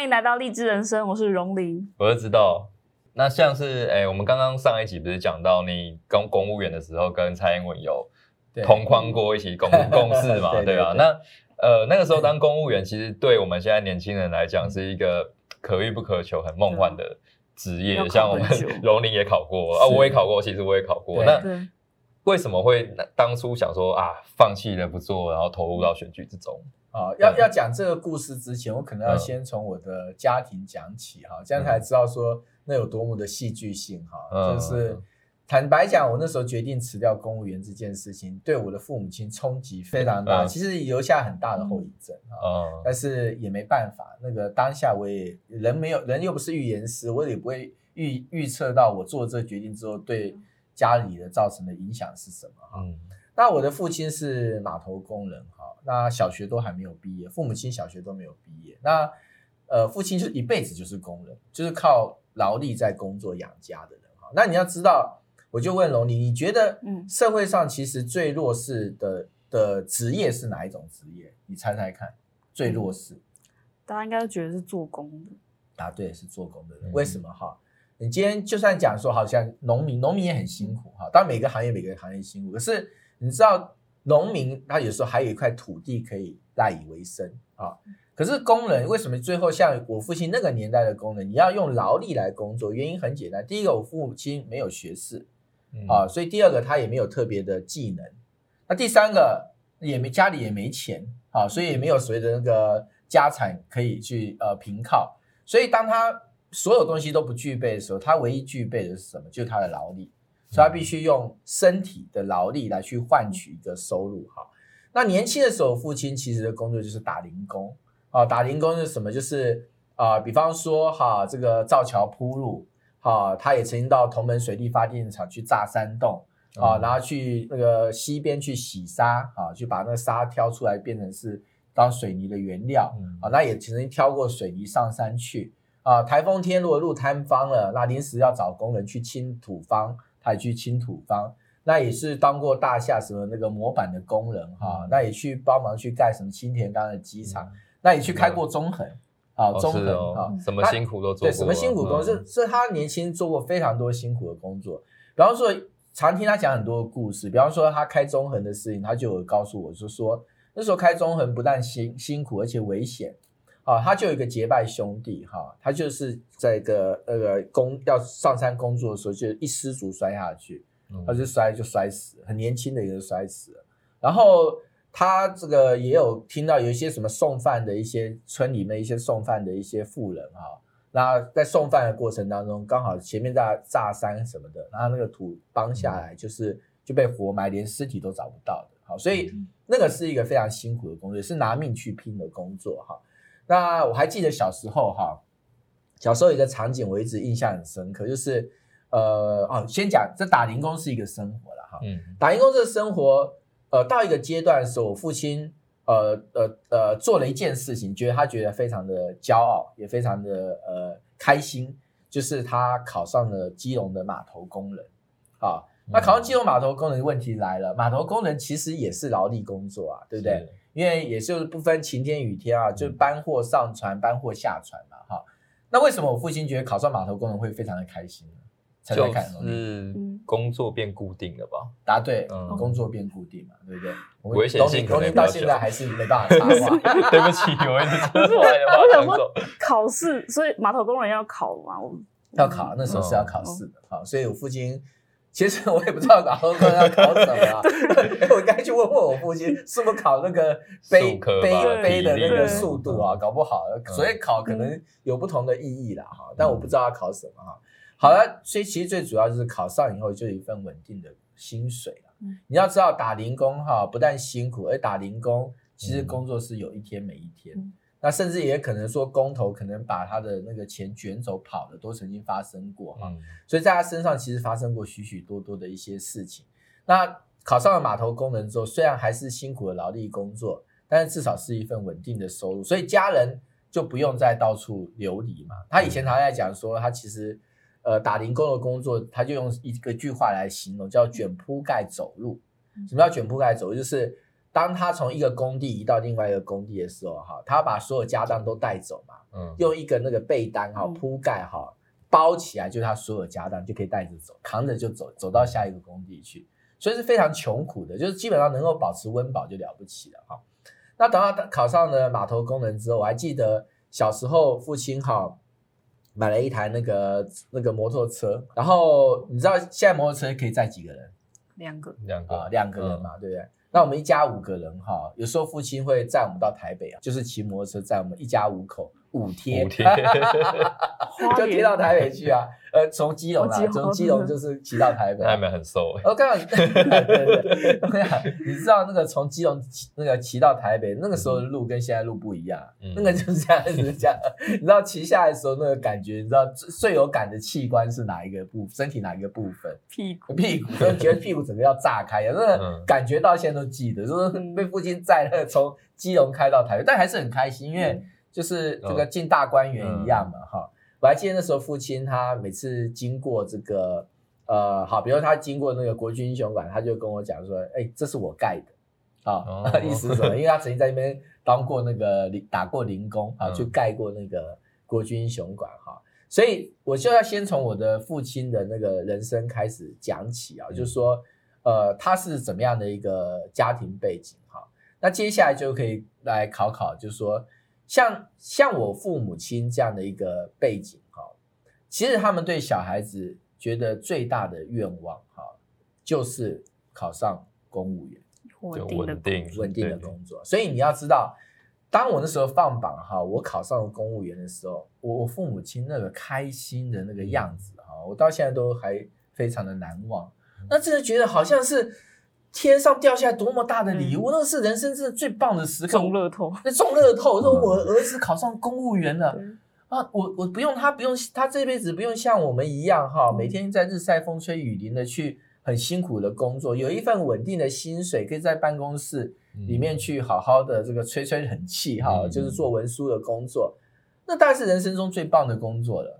歡迎來到荔枝人生，我是榮林，我就知道，那像是哎、欸，我們剛剛上一集不是講到你當公,公務員的時候，跟蔡英文有同框過，一起共共事嘛，對吧、啊？那呃，那個時候當公務員，對其實對我們現在年輕人來講，是一個可遇不可求、很夢幻的職業。嗯、像我們榮林也考過，是啊，我也考過，其實我也考過。對那為什麼會當初想說啊，放棄了不做，然後投入到選舉之中？啊、哦，要、嗯、要講這個故事之前，我可能要先從我的家庭講起哈，嗯、這樣才知道說那有多麼的戲劇性哈、嗯哦。就是坦白講，我那時候決定辭掉公務員這件事情，對我的父母親衝擊非常大，嗯、其實留下很大的後遺症啊。嗯哦、但是也沒辦法，那個當下我也人沒有，人又不是預言師，我也不會預預測到我做這決定之後對家裡的造成的影響是什麼哈。嗯、哦。那我的父親是碼頭工人。那小學都還沒有畢業，父母親小學都沒有畢業。那，呃，父親就一輩子就是工人，就是靠勞力在工作養家的人哈。那你要知道，我就問龍你你覺得，嗯，社會上其實最弱勢的的職業是哪一種職業？你猜猜看，最弱勢，大家應該都覺得是做工的。答、啊、對，是做工的人。嗯、為什麼哈？你今天就算講說，好像農民，農民也很辛苦哈。當然，每個行業每個行業辛苦，可是你知道。農民他有時候還有一塊土地可以賴以為生啊，可是工人為什麼最後像我父親那個年代的工人，你要用勞力來工作？原因很簡單，第一個我父親沒有學士，啊，所以第二個他也沒有特別的技能，那第三個也沒家裡也沒錢，啊，所以也沒有所謂的那個家產可以去呃憑靠，所以當他所有東西都不具備的時候，他唯一具備的是什麼？就他的勞力。所以他必須用身體的勞力來去換取一個收入哈。那年輕的時候，父親其實的工作就是打零工。啊，打零工是什麼？就是啊，比方說哈、啊，這個造橋鋪路。哈，他也曾經到同門水利發電廠去炸山洞啊，然後去那個溪邊去洗沙啊，去把那個沙挑出來變成是當水泥的原料啊。那也曾經挑過水泥上山去啊。颱風天如果路坍方了，那臨時要找工人去清土方。他也去清土方，那也是當過大廈什麼那個模板的工人哈、嗯哦，那也去幫忙去蓋什麼青田岡的機場，嗯、那也去開過中橫，嗯、啊中橫啊，什麼辛苦都做過，什麼辛苦工，是是他年輕做過非常多辛苦的工作。比方說，常聽他講很多的故事，比方說他開中橫的事情，他就有告訴我就說那時候開中橫不但辛辛苦，而且危險。啊、哦，他就有一個結拜兄弟哈、哦，他就是在一個那個、呃、工要上山工作的時候，就一失足摔下去，嗯、他就摔就摔死，很年輕的一個就摔死了。然後他這個也有聽到有一些什麼送飯的一些村裡面一些送飯的一些婦人哈、哦，那在送飯的過程當中，剛好前面在炸山什麼的，然後那個土崩下來，就是就被活埋，嗯、連屍體都找不到的。好、哦，所以那個是一個非常辛苦的工作，是拿命去拼的工作哈。哦那我還記得小時候哈，小時候有一個場景我一直印象很深刻，就是呃哦，先講這打零工是一個生活了哈，嗯、打零工這個生活，呃，到一個階段的時候，我父親呃呃呃做了一件事情，覺得他覺得非常的驕傲，也非常的呃開心，就是他考上了基隆的碼頭工人，啊、呃，嗯、那考上基隆碼頭工人問題來了，碼頭工人其實也是勞力工作啊，對不對？因為也是不分晴天雨天啊，就搬貨上船、搬貨下船嘛，哈。那為什麼我父親覺得考上碼頭工人會非常的開心呢？才能看就是工作變固定了吧？答對，嗯、工作變固定嘛，對不對？危險性可能我到現在還是沒辦法插話。對不起，我也是錯的。我想考試，所以碼頭工人要考嘛？要考，那時候是要考試的哈，所以我父親。其實我也不知道後算 要考什麼、啊 對，我應該去問問我父親，是不是考那個背背背的那個速度啊？搞不好、嗯、所以考可能有不同的意義啦哈，嗯、但我不知道要考什麼哈、啊。好了，所以其實最主要就是考上以後就一份穩定的薪水、啊嗯、你要知道打零工哈、啊，不但辛苦，而打零工其實工作是有一天沒一天。嗯那甚至也可能說，工頭，可能把他的那個錢卷走跑了，都曾經發生過哈。所以在他身上其實發生過許許多多的一些事情。那考上了碼頭工人之後，雖然還是辛苦的勞力工作，但是至少是一份穩定的收入，所以家人就不用再到處流離嘛。他以前常在講說，他其實呃打零工的工作，他就用一個句話來形容，叫卷鋪蓋走路。什麼叫卷鋪蓋走路？就是。當他從一個工地移到另外一個工地的時候，哈，他把所有家當都帶走嘛，嗯、用一個那個被單哈、鋪蓋哈包起來，就他所有家當就可以帶着走，扛着就走，走到下一個工地去，所以是非常窮苦的，就是基本上能夠保持溫飽就了不起了哈。那等到他考上了碼頭工人之後，我還記得小時候父親哈買了一台那個那個摩托車，然後你知道現在摩托車可以載幾個人？兩個，兩個，兩個人嘛，嗯、對不對？那我們一家五個人哈，有時候父親會載我們到台北啊，就是騎摩托車載我們一家五口。五天，五天。就貼到台北去啊！呃，從基隆啊，從基隆就是騎到台北。台北很瘦哦，剛好，你知道那個從基隆那個騎到台北，那個時候的路跟現在路不一樣。那個就是這樣子，你知道騎下來的時候那個感覺，你知道最有感的器官是哪一個部，身體哪一個部分？屁股，屁股，就覺得屁股整個要炸開啊！那個感覺到現在都記得，就是被父親載着從基隆開到台北，但還是很開心，因為。就是這個進大觀園一樣嘛，哈、哦！我還記得那時候父親他每次經過這個，呃，好，比如他經過那個國軍英雄館，他就跟我講說：“哎，這是我蓋的，啊、哦，哦、 意思是什麼？因為他曾經在那邊當過那個打過零工啊，嗯、去蓋過那個國軍英雄館，哈、哦！所以我就要先從我的父親的那個人生開始講起啊、哦，就是說，呃，他是怎麼樣的一個家庭背景？哈、哦，那接下來就可以來考考，就是說。像像我父母親這樣的一個背景哈，其實他們對小孩子覺得最大的願望哈，就是考上公務員，穩定穩定的工作。所以你要知道，當我那時候放榜哈，我考上公務員的時候，我我父母親那個開心的那個樣子哈，嗯、我到現在都還非常的難忘。那真的覺得好像是。天上掉下來多麼大的禮物，嗯、那是人生真的最棒的時刻。中樂透，那中樂透，說 我兒子考上公務員了，嗯、啊！我我不用他不用他這輩子不用像我們一樣哈，每天在日曬風吹雨淋的去很辛苦的工作，有一份穩定的薪水，可以在辦公室裡面去好好的這個吹吹冷氣哈，就是做文書的工作，那大概是人生中最棒的工作了。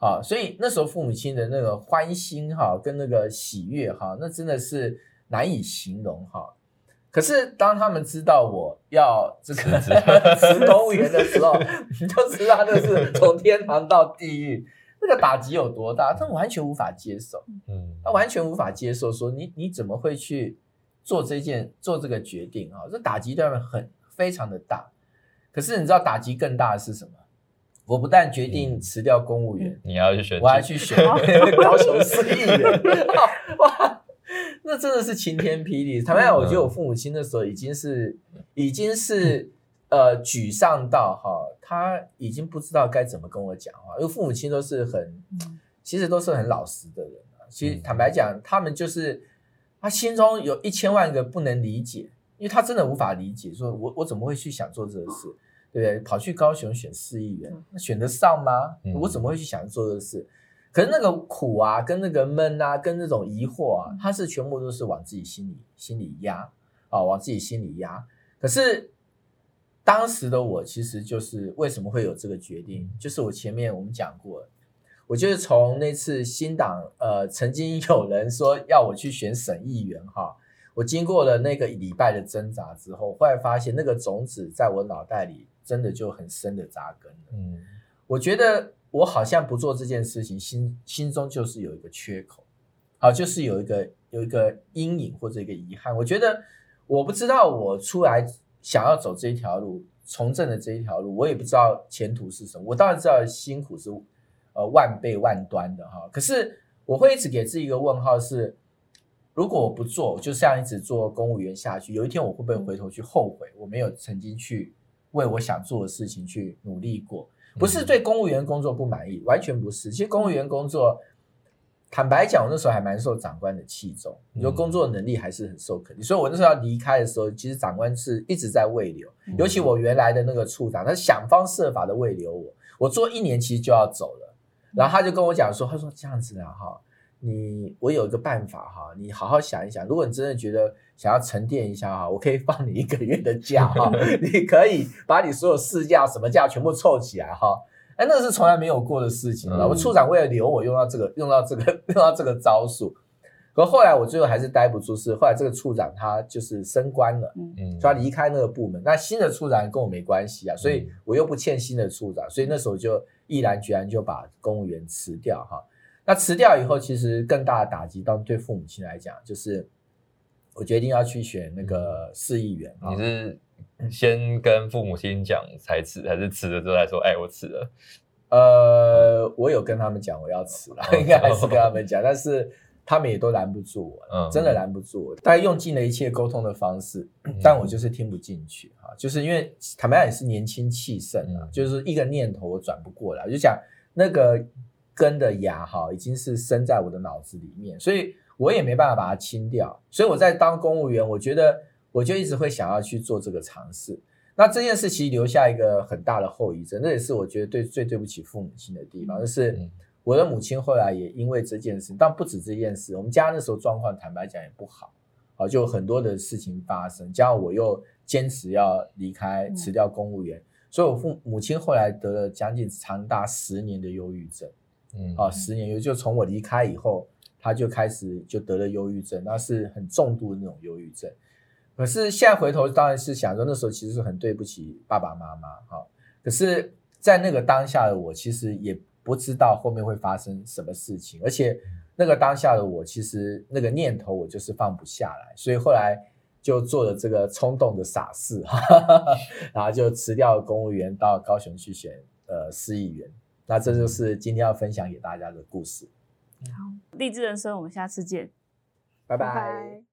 好，所以那時候父母親的那個歡欣哈，跟那個喜悅哈，那真的是。難以形容哈，可是當他們知道我要這個辭是是 公務員的時候，是是 你就知道這是從天堂到地獄，那 個打擊有多大？他們完全無法接受，嗯，他完全無法接受說，你你怎麼會去做這件做這個決定啊、哦？這打擊當然很非常的大，可是你知道打擊更大的是什麼？我不但決定辭掉公務員，嗯、你要去選，我還去選、啊、 高雄市議員。 那真的是晴天霹靂！坦白講，我覺得我父母親那時候已經是，嗯、已經是，嗯、呃，沮喪到哈、哦，他已經不知道該怎麼跟我講話。因為父母親都是很，嗯、其實都是很老實的人啊。其實坦白講，嗯、他們就是他心中有一千萬個不能理解，因為他真的無法理解，說我我怎麼會去想做這個事？對不對？跑去高雄選市議員，那、嗯、選得上嗎？我怎麼會去想做這個事？嗯嗯可是那個苦啊，跟那個悶啊，跟那種疑惑啊，他是全部都是往自己心裡心裡壓啊，哦，往自己心裡壓。可是當時的我其實就是為什麼會有這個決定，就是我前面我們講過了，我就是從那次新黨呃曾經有人說要我去選省議員哈，我經過了那個禮拜的掙扎之後，後來發現那個種子在我腦袋裡真的就很深的扎根了。嗯，我覺得。我好像不做這件事情，心心中就是有一個缺口，啊，就是有一個有一個陰影或者一個遺憾。我覺得我不知道我出來想要走這一條路，從政的這一條路，我也不知道前途是什麼。我當然知道辛苦是呃萬倍萬端的哈，可是我會一直給自己一個問號是：是如果我不做，我就這樣一直做公務員下去，有一天我會不會回頭去後悔，我沒有曾經去為我想做的事情去努力過。不是對公務員工作不滿意，嗯、完全不是。其實公務員工作，坦白講，我那時候還蠻受長官的器重。你說、嗯、工作能力還是很受肯定。所以，我那時候要離開的時候，其實長官是一直在慰留。尤其我原來的那個處長，他想方設法的慰留我。我做一年其實就要走了，然後他就跟我講說：“他說這樣子啊哈，你我有一個辦法哈，你好好想一想。如果你真的覺得……”想要沉澱一下哈，我可以放你一個月的假哈， 你可以把你所有事假什麼假全部湊起來哈。哎，那是從來沒有過的事情的。然後、嗯、處長為了留我，用到這個，用到這個，用到這個招數。可後來我最後還是待不住，是後來這個處長他就是升官了，嗯嗯，他離開那個部門，那新的處長跟我沒關係啊，所以我又不欠新的處長，嗯、所以那時候就毅然決然就把公務員辭掉哈。那辭掉以後，其實更大的打擊，當對父母親來講就是。我決定要去選那個市議員。嗯哦、你是先跟父母親講才吃，嗯、還是吃了之後才說？哎，我吃了。呃，我有跟他們講我要吃了，哦、應該還是跟他們講，哦、但是他們也都攔不住我，嗯、真的攔不住我。大概用盡了一切溝通的方式，嗯、但我就是聽不進去啊，就是因為坦白講是年輕氣盛啊，嗯、就是一個念頭我轉不過來，就講那個根的芽哈，已經是生在我的腦子裡面，所以。我也沒辦法把它清掉，所以我在當公務員，我覺得我就一直會想要去做這個嘗試。那這件事其實留下一個很大的後遺症，那也是我覺得對，最對不起父母親的地方，就是我的母親後來也因為這件事，嗯、但不止這件事，我們家那時候狀況坦白講也不好，啊，就很多的事情發生，加上我又堅持要離開、嗯、辭掉公務員，所以我父母親後來得了將近長達十年的憂鬱症，啊、嗯，啊，十年憂鬱就從我離開以後。他就開始就得了憂鬱症，那是很重度的那種憂鬱症。可是現在回頭當然是想說，那時候其實是很對不起爸爸媽媽哈。可是，在那個當下的我，其實也不知道後面會發生什麼事情，而且那個當下的我，其實那個念頭我就是放不下來，所以後來就做了這個衝動的傻事哈，哈，哈哈，然後就辭掉公務員到高雄去選呃市議員。那這就是今天要分享給大家的故事。好，荔枝人生，我們下次見，拜拜 bye。Bye bye